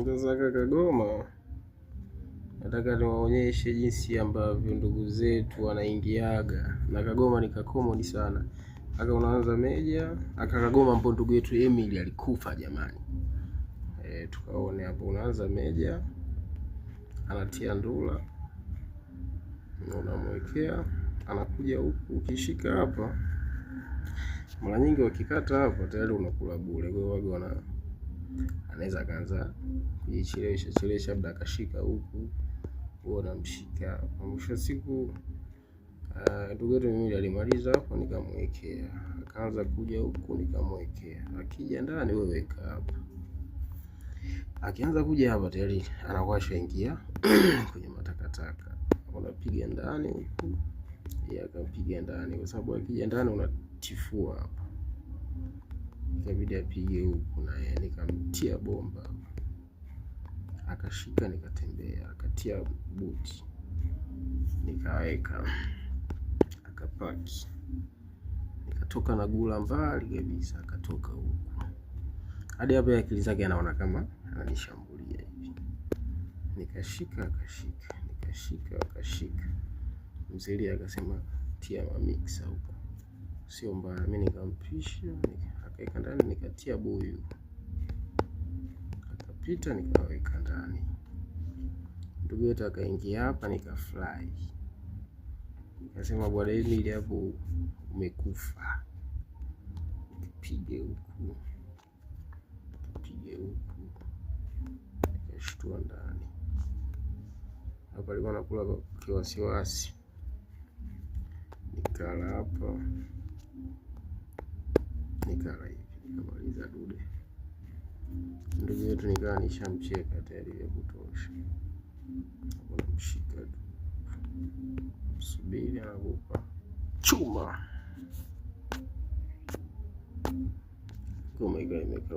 Mzazi wake kagoma. Nataka niwaonyeshe jinsi ambavyo ndugu zetu wanaingiaga na Kagoma ni kakomodi sana. Aka unaanza meja aka Kagoma mpo ndugu yetu Emily alikufa jamani. E, tukaone hapo unaanza meja anatia ndula unamwekea anakuja huku ukishika hapa, mara nyingi wakikata hapa tayari unakula bure, kwa hiyo waga wana anaweza akaanza kujichelewesha chelewesha, labda akashika huku huo namshika. Kwa Mwisho wa siku ah, ndugu yetu mimi alimaliza hapo, nikamwekea akaanza kuja huku, nikamwekea akija ndani, wewe kaa hapa. Akianza kuja hapa tayari anakuwa ashaingia kwenye matakataka, unapiga ndani huku, yeye akapiga ndani, kwa sababu akija ndani unatifua hapa, ikabidi apige huku naye nje ya bomba, akashika nikatembea, akatia buti, nikaweka, akapaki, nikatoka na gula mbali kabisa, akatoka huku hadi hapo, Akili zake anaona kama ananishambulia hivi, nikashika, akashika, nikashika, akashika. Mzee akasema tia mamiksa huko, sio mbaya. Mimi nikampisha, akaweka ndani, nikatia buyu nikapita nikaweka ndani, ndugu yetu akaingia hapa, nikafurahi, nikasema bwana, hii mili hapo umekufa. nipige huku nipige huku, nikashtua ndani hapa, alikuwa nakula kiwasiwasi, nikala hapa, nikala hivi, nikamaliza dude yetu nikawa nishamcheka tayari vya kutosha, unamshika tu, subiri anakupa chuma. Kama imekaa